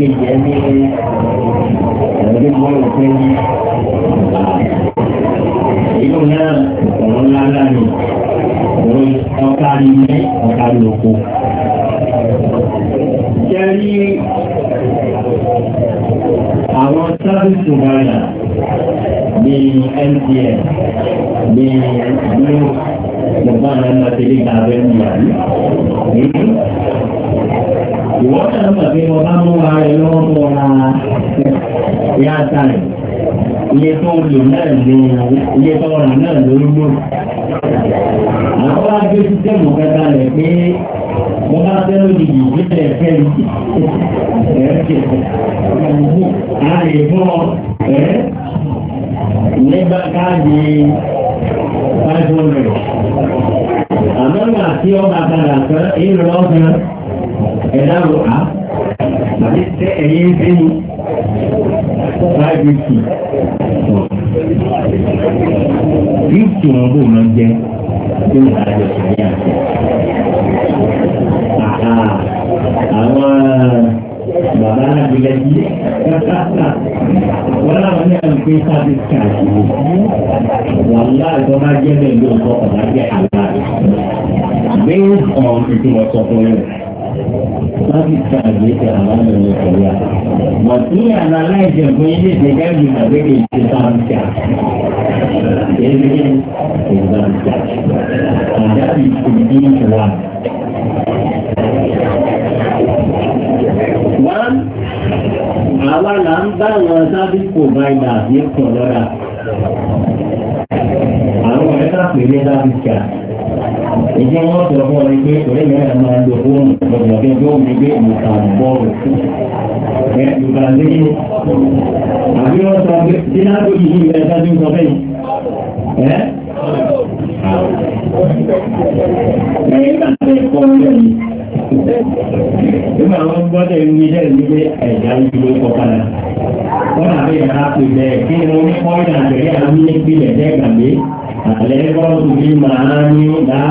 ẹlẹ́ẹ̀kejì ẹ ní ẹ̀ẹ́dẹ́gbọ́n òfin inú náà ọ̀rọ̀ ńlá ńlá ni ọ̀rọ̀ ọ̀kárí ní ọ̀kárí oko. Jẹ́rí àwọn service provider ní MTN ní Glo, Yorùbá náà ń lọ sí ilé ìgbà abẹ́rẹ́ ìyàrí ìwọ́n náà mọ̀ pé wọ́n bá mú ara ẹ lọ́wọ́ tó ra yáta rẹ̀ iye tó lò náà lè iye tó rà náà ló ń lò. àwọn wá gbé sísẹ́mù kẹta rẹ̀ pé wọ́n bá fẹ́ lórí ìgbésẹ̀ fẹ́ ẹ̀ẹ́dẹ̀ àrègbọ́n ẹ̀ nígbà káàdì five hundred. àmọ́ ìgbà tí ọba padà sọ èèyàn lọ́sàn-án ẹ̀dá rò á tàbí tẹ́ ẹ̀yìn ń bínú fáìbìtì fíìtì wọn bò máa jẹ tó ń bá jọ sí àwọn bàbá alágbèlè yìí wọn làwọn ní àwọn ìpín sábẹ́ káàkiri wọn láàbọ̀ máa jẹ́ bẹ́ẹ̀ lóòótọ́ ọ̀bá jẹ́ àlá based on ìtumọ̀ sọ fún yẹn traffic charge yake a ranar mai kariya masu yi na laifin kun yi ne da gami na zai ke samun charge ya yi ne ke samun charge a dafi kundin kuwa one àwa là ń bá àwọn service provider yẹn kọ̀ lọ́ra àwọn ẹ̀ka pèlè service charge ìjọ wọn sọ fún ọ̀rẹ́ pé ọ̀rẹ́ mi náà máa ń lo fóònù ọ̀gbọ̀n ọ̀gbẹ́ tó ń gbé ìmọ̀tàn bọ́ọ̀lù ẹ̀ ìgbà lẹ́yìn àbí wọ́n sọ pé bí náà tó yìí ilẹ̀ ẹ̀ka tó ń sọ bẹ́ẹ̀ ẹ́ ẹ̀yìn náà ti kọ́ lẹ́yìn nígbà wọn gbọ́dọ̀ ìwé jẹ́ ìwé ẹ̀dá ìdúró kọ́ padà wọ́n àbẹ̀yẹ̀ àlẹ́kọ̀ọ́ ní màá ní dá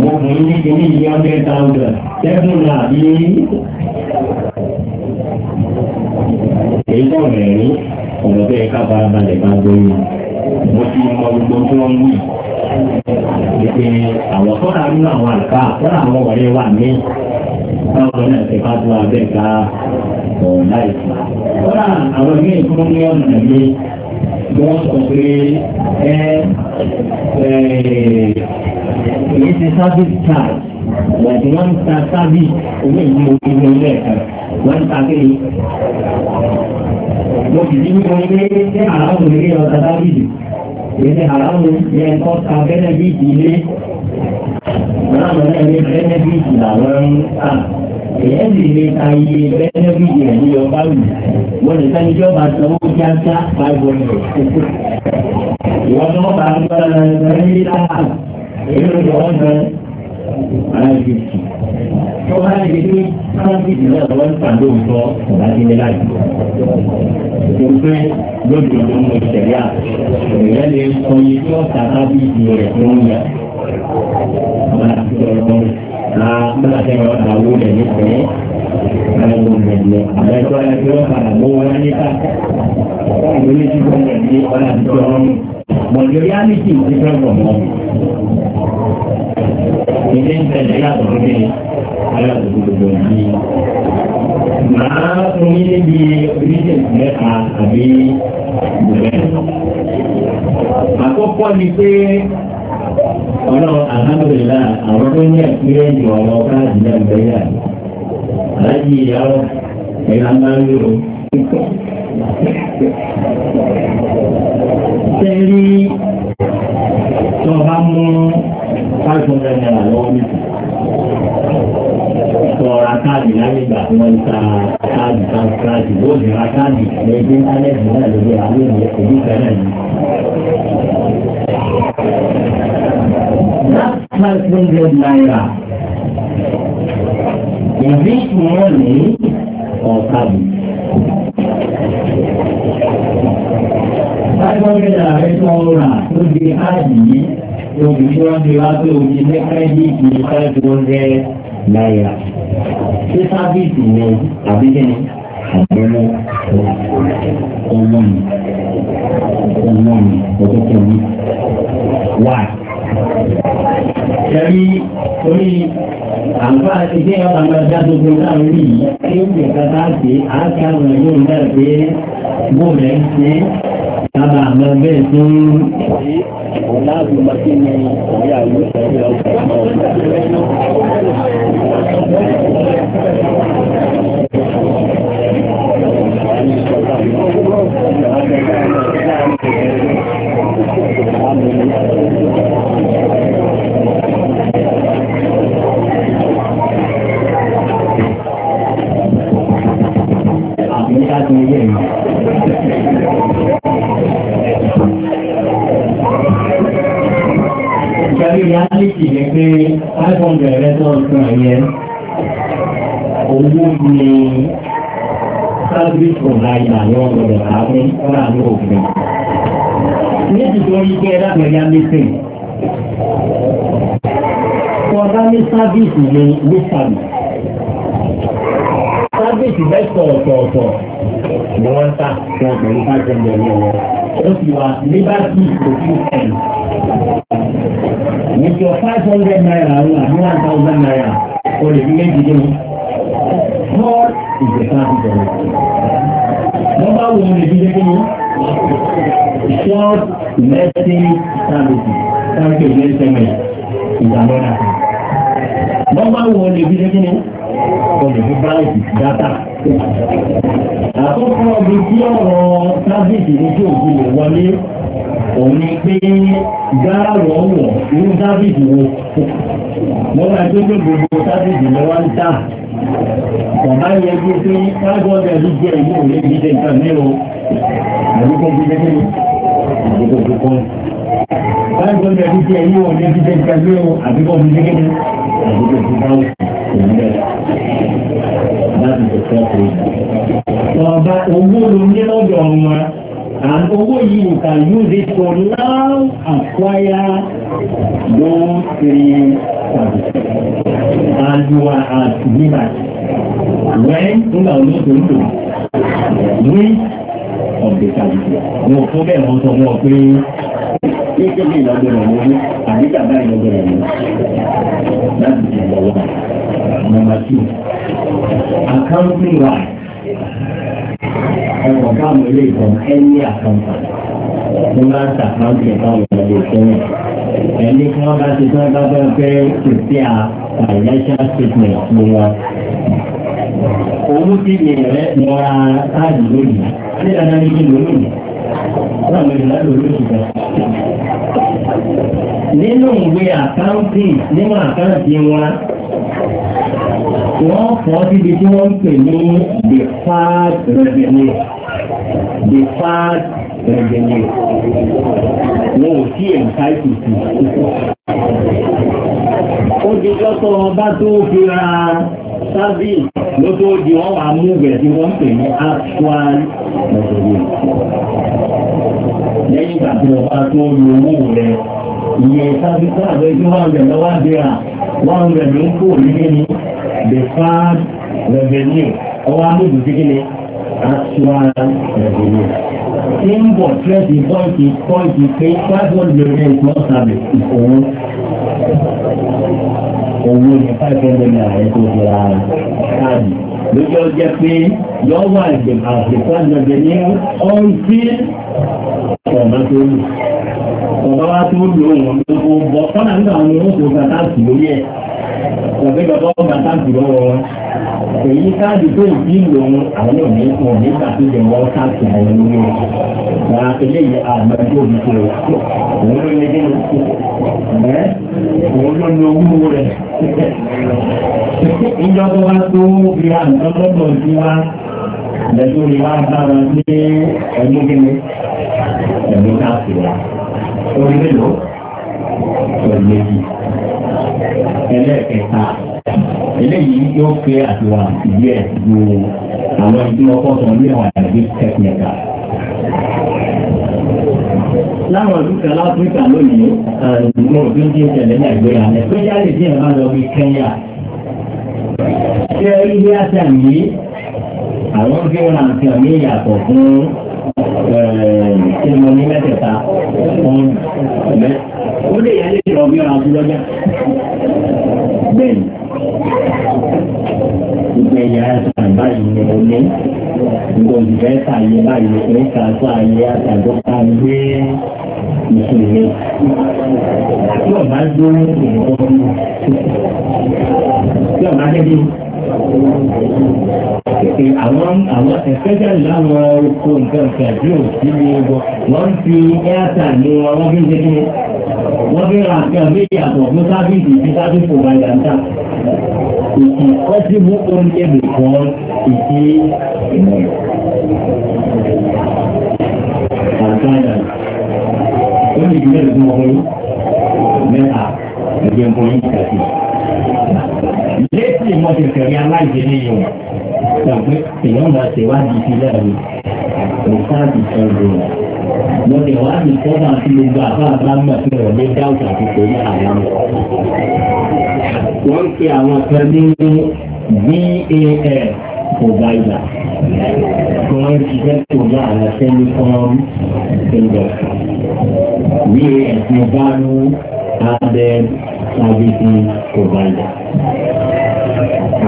mo kì í ní kíní yìí hundred thousand seven náà bí èyí tó rẹ̀ rí ọ̀rọ̀ bẹ́ẹ̀ ká bá balẹ̀ bá gbóyè mo ti mọ gbogbo tí wọ́n ń wí wípé àwọn kọ́ra nínú àwọn àlùfà kọ́ra àwọn ọ̀rẹ́ wà ní báwọn náà ti bá tó abẹ́ ká ọ̀ láìsí. kọ́ra àwọn ilé ìfowópamọ́ ọ̀nà yìí wọ́n sọ pé ẹ is ti service charge but one ń ta service owó ìlú ìlú ilé ẹ̀ka wọ́n ń ta kéde. mo sì ti ní wọn pé ṣé àràwọ̀ lè rí ọ̀tá service èyí ni àràwọ̀ yẹ kọ́ ta benefit ilé. wọ́n á lọ sí ẹni làwọn ń ta èyẹ́ sì lè ta iye bẹ́nẹ́fìtì ọba rù wọ́n lè sẹ́ni tí ọba sanwó kíákíá five hundred ìwọ́n tó wọ́n bá ń gbọ́dọ̀ lọ sí ẹni ní táà èyí ló jọ wọ́n gan ara fifty tó bá lè dé káfíìsì náà lọ́wọ́ ń pàdé òótọ́ ọ̀gá sí ní láì tó pé lójú ló ń ṣẹ̀rí à èyẹ́ lè sọ iye tí ọ̀sà káfíìsì rẹ̀ tó ń yà na muna kai wa kawo da ne ne na yin da ne da ya kawai kai wa kan da ne wani a cikin wani wanda ya miki shi kan wani idan ka da ya zaɓi ne ala da gudu da wani màá fún yín níbi àkọ́kọ́ ni pé ọlọ́run àhámdùlá àwọn tó ní ẹ̀kúrẹ́ǹdì ọ̀rọ̀ káàdì náà gbẹ́yà láyé ìyàwó ẹ̀yà máa ń lò. Sẹ́rí tó bá mú five hundred naira lọ́wọ́ mi. Sọ̀rọ̀ káàdì láyé ìgbà tí wọ́n ń ta káàdì kan káàdì lóòdì ra káàdì lẹ́gbẹ́ ánẹ́ẹ̀dì náà lórí àwọn ènìyàn kò ní ìfẹ́ náà five hundred naira. Is this money or service? five hundred naira rẹ̀ tó ń rà tó di áàdì yìí omi tí wọ́n ti wá pé omi ní kírẹ́díìtì five hundred naira. Ṣé sábìsì ni àbí kí ni? Àbẹ̀rẹ̀ ọlọ́run ọlọ́run ọjọ́ kẹ́mi. Why? Ṣẹ̀rí orí àǹfà ti dé ọ̀pá máa dá gbogbo láàrin yìí tí ó pè kátà sí àti àwọn ẹ̀yọ́ náà pé bóòlẹ̀ ń ṣe sábà àmọ́ bẹ́ẹ̀ tó ń rí Thank you. service provider ni wọ́n gbọ́dọ̀ ká ní láàrin òfin. ní ìtòrí pé ẹlẹ́gbẹ̀rẹ́ amẹ́sìn ọ̀gá ní service ni ní service. service mẹ́sàn ọ̀tọ̀ọ̀tọ̀ ni wọ́n ń tà fún ọkùnrin bá jẹ́ ẹ̀yẹ wọn. ó sì wà liberty òfin ten. With your five hundred naira, one thousand naira, o lè fi méjì dé mi. God is the perfect God. Number one the is basically short, messy charity. Thank you very similar. It's another thing. Number one is basically for the society, data. Àkọ́kọ́ ibi tí ọ̀rọ̀ sábìsì ní tí òkú lè wọlé òun ni pé gáàrọ̀ wọ̀ ní sábìsì wo. Mo máa ń gbé gbogbo sábìsì lọ́wọ́ ń tà. Bàbá yẹ kí pé káàbọ̀ ọ̀dà ló jẹ́ ìlú òye ìdíje nǹkan o Àdúgbò gbígbé kí àdúgbò gbígbó. Káàbọ̀ ọ̀dà ló jẹ́ ìlú òye ìdíje nǹkan mẹ́rọ àdúgbò gbígbé kí àdúgbò gbígbó òyìnbẹ̀ láti tẹ̀síwájú. Bàbá owó ló ní lọ́dọ̀ wọn and owó yìí you can use it for now acquire those three services and you are at liberty when nígbà wo ló tó ń which of the services wọn kó bẹ́ẹ̀ wọ́n sọ fún ọ pé kéèké bí ìlọ́gbọ̀rọ̀ ló ní àbí bàbá ìlọ́gbọ̀rọ̀ ló láti ṣe ìgbọ̀wọ́ number two accounting right ẹ̀rọ káàmù ilé ìtàn ẹni àkàǹtà ní máa ń sàkáǹtì ìtàwọn ìrìnàjò ìṣẹ́yìn ẹni tí wọ́n bá ti tán bá bẹ́ẹ̀ pé kò sí à financial statement ní wọn. owó tí mi rẹ̀ mọ́ ra káàdì lónìí ní dandan ní kí lónìí wọ́n mi rẹ̀ lónìí kan. nínú ìwé àkáǹtì nínú àkáǹtì wọn wọ́n fọ́ síbi tí wọ́n ń pè ní the fat revenue the fat revenue wọn ò sí ẹ̀ǹtáìtì sí ó di lọ́tọ̀ ọba tó fi ra service ló tó di wọ́n wà mú bẹ̀ tí wọ́n pè ní actual revenue lẹ́yìn ìgbà tí ọba tó lo owó rẹ̀ ìyẹn sábìsì àgbẹ̀jọ́ wà rẹ̀ wà rẹ̀ ló ń kó orí nínú The deferred revenue ọwọ́ amóhùn sí kí ni actual revenue. tí ń bọ̀ tírẹ́sì pọ́ìntì pọ́ìntì pé five hundred million small service ìfowó owó ní five hundred million rẹ̀ tó fi ra káàdì lójú ọjọ́ pé yóò wà ìgbìmọ̀ àti five hundred million ọ̀hún sí ọ̀nà tó lù ọ̀gá wa tó lò wọ́n gbogbo bọ̀ kọ́nà nígbà wọn ni wọ́n kò gbà táàkì lórí ẹ̀ ọ̀gbẹ́ bàbá wọn gbà táàkì lọ́wọ́ wọn èyí káàdì tó ìdí lòun àwọn ò ní fún nígbà tó jẹ wọn káàkiri àwọn olóyè na eléyìí àmọ́ tó bí òun ló lé nínú kú òun ló lo owó rẹ ìjọba tó bí wa nǹkan lọ́dọ̀ sí wa lẹ́tọ́ ni wa bára ní ẹ̀mú kíni ẹ̀mú káàkiri wa orí mélòó pẹ̀lú ẹlẹ́ẹ̀kẹta eléyìí yóò fẹ́ àtiwà ìdí ẹ̀ ju àwọn ìdí ọkọ̀ tó àwọn àdàbí tẹ́kínẹ̀kà. láwọn ìlú kan láfíríkà lónìí mo rò díẹ̀ tẹ̀lé nàìjíríà ní pé jáde díẹ̀ máa lọ bí kẹ́ńyà. ṣé ilé àti àwọn gbé wọn àti àmì ìyàtọ̀ fún tí mo ní mẹ́tẹ̀ẹ̀ta fún ẹ̀mẹ́. Ó lè yẹ lè rọ̀ bí ọ̀rọ̀ àti lọ́jà. Bẹ́ẹ̀ni, ìgbà ẹ̀yà ẹ̀sán báyìí ni mo ní. Ìgbà òṣìṣẹ́ àwọn àwọn ẹ̀fẹ́jẹ̀ láwọn oko nǹkan kan tí ò sí ní egbò wọ́n fi ẹ́ẹ̀tà ní wọn wọ́n fi ń dédé wọ́n fi ra àfihàn méjì àtọ̀ fún sábìsì tí sábìsì kò bá yàtà ìtì possible oúnjẹ nìkan ìtì ìmọ̀ àtàyà ó ní ìdílé ìdúnmọ̀ ọ̀hún mẹ́ta ẹgbẹ́ mọ́ yìí kàkiri létí mo ti fẹ̀rí aláìdílé yìí wọ̀ tàbí èèyàn máa ṣèwádìí sílẹ̀ mi kò sáàbì sọ̀rọ̀ rẹ̀ mo lè wá ní sọ́nà tí gbogbo àbá àbámọ̀ tí wọ́n lé dáwùtà ti torí àwọn. wọ́n pe àwọn kan ní VAS provider tí wọ́n ti fẹ́ pẹ̀lú àwọn telecom industry VAS ní value lábẹ́ sábìsì provider.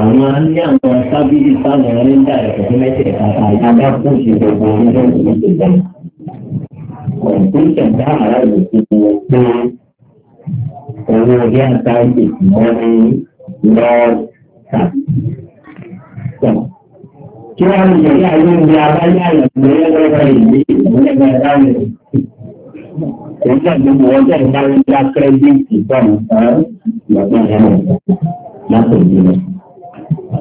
Àwọn ní àwọn sábìsì sáwọn rẹ́ńdà ẹ̀kọ́ tó mẹ́tẹ̀ẹ̀ta ta ìdájọ́ kó ṣe gbogbo ọjọ́ ìgbà. Kọ̀ǹpútà dá àrà rẹ̀ ti wọ pé owó orí àtàwọn ìgbìmọ̀ ní lọ́ọ́ tàbí kí wọ́n lè yẹ ayé ń abáyé àyẹ̀wò lẹ́gbẹ̀ẹ́ ìlú ìlú ẹgbẹ̀rún òun náà ló wọ ọjọ́ ìgbà ńlá kírẹ́díìtì báwọn kan lọ́gbọ́n ẹ̀rọ látọ̀jú rẹ̀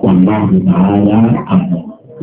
wà máa ń bá a yá àwọn.